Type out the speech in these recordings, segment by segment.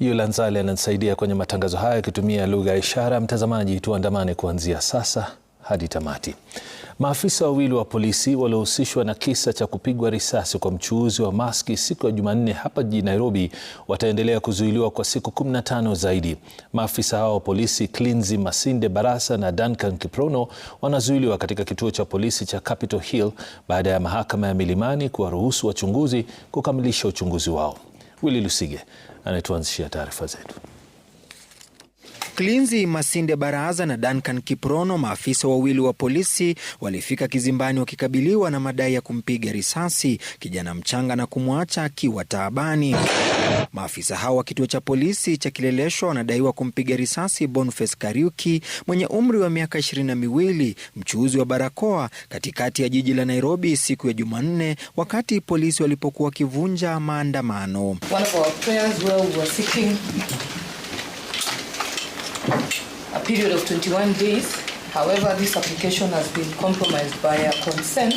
Yule Nzale ananisaidia kwenye matangazo haya akitumia lugha ya ishara. Mtazamaji, tuandamane kuanzia sasa hadi tamati. Maafisa wawili wa polisi waliohusishwa na kisa cha kupigwa risasi kwa mchuuzi wa maski siku ya Jumanne hapa jijini Nairobi wataendelea kuzuiliwa kwa siku 15 zaidi. Maafisa hao wa polisi Klinzi Masinde Barasa na Duncan Kiprono wanazuiliwa katika kituo cha polisi cha Capitol Hill baada ya mahakama ya Milimani kuwaruhusu wachunguzi kukamilisha uchunguzi wao. Willy Lusige anayetuanzishia taarifa zetu. Klinzi Masinde Baraza na Duncan Kiprono, maafisa wawili wa polisi, walifika kizimbani wakikabiliwa na madai ya kumpiga risasi kijana mchanga na kumwacha akiwa taabani. Maafisa hao wa kituo cha polisi cha Kileleshwa wanadaiwa kumpiga risasi Boniface Kariuki mwenye umri wa miaka ishirini na miwili, mchuuzi wa barakoa katikati ya jiji la Nairobi siku ya Jumanne wakati polisi walipokuwa wakivunja maandamano. period of 21 days. However, this application has been compromised by a consent.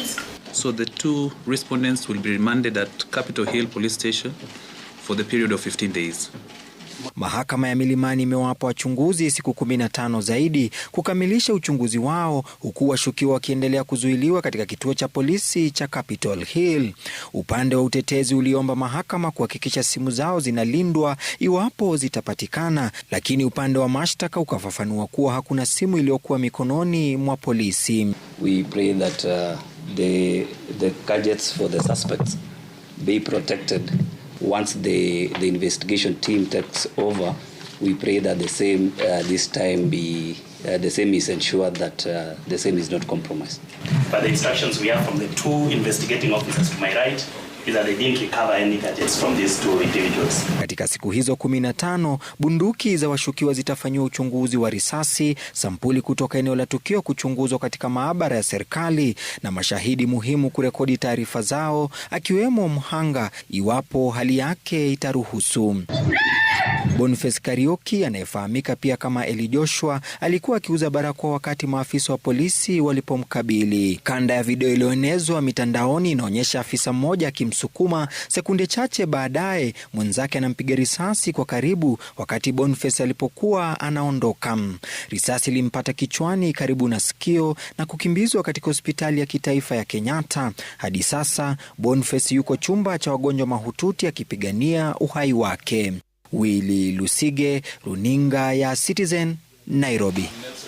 So the two respondents will be remanded at Capitol Hill Police Station for the period of 15 days. Mahakama ya Milimani imewapa wachunguzi siku kumi na tano zaidi kukamilisha uchunguzi wao, huku washukiwa wakiendelea kuzuiliwa katika kituo cha polisi cha Capitol Hill. Upande wa utetezi uliomba mahakama kuhakikisha simu zao zinalindwa iwapo zitapatikana, lakini upande wa mashtaka ukafafanua kuwa hakuna simu iliyokuwa mikononi mwa polisi. We pray that, uh, the, the gadgets for the suspects be protected. once the, the investigation team takes over, we pray that the same uh, this time be uh, the same is ensured that uh, the same is not compromised. By the instructions we have from the two investigating officers to my right Katika siku hizo 15 bunduki za washukiwa zitafanyiwa uchunguzi wa risasi, sampuli kutoka eneo la tukio kuchunguzwa katika maabara ya serikali na mashahidi muhimu kurekodi taarifa zao, akiwemo mhanga iwapo hali yake itaruhusu. Boniface karioki anayefahamika pia kama Eli Joshua alikuwa akiuza barakoa wakati maafisa wa polisi walipomkabili. Kanda ya video iliyoenezwa mitandaoni inaonyesha afisa mmoja akimsukuma, sekunde chache baadaye mwenzake anampiga risasi kwa karibu wakati Boniface alipokuwa anaondoka. Risasi ilimpata kichwani karibu na sikio na kukimbizwa katika hospitali ya kitaifa ya Kenyatta. Hadi sasa Boniface yuko chumba cha wagonjwa mahututi akipigania uhai wake. Willy Lusige, runinga ya Citizen, Nairobi.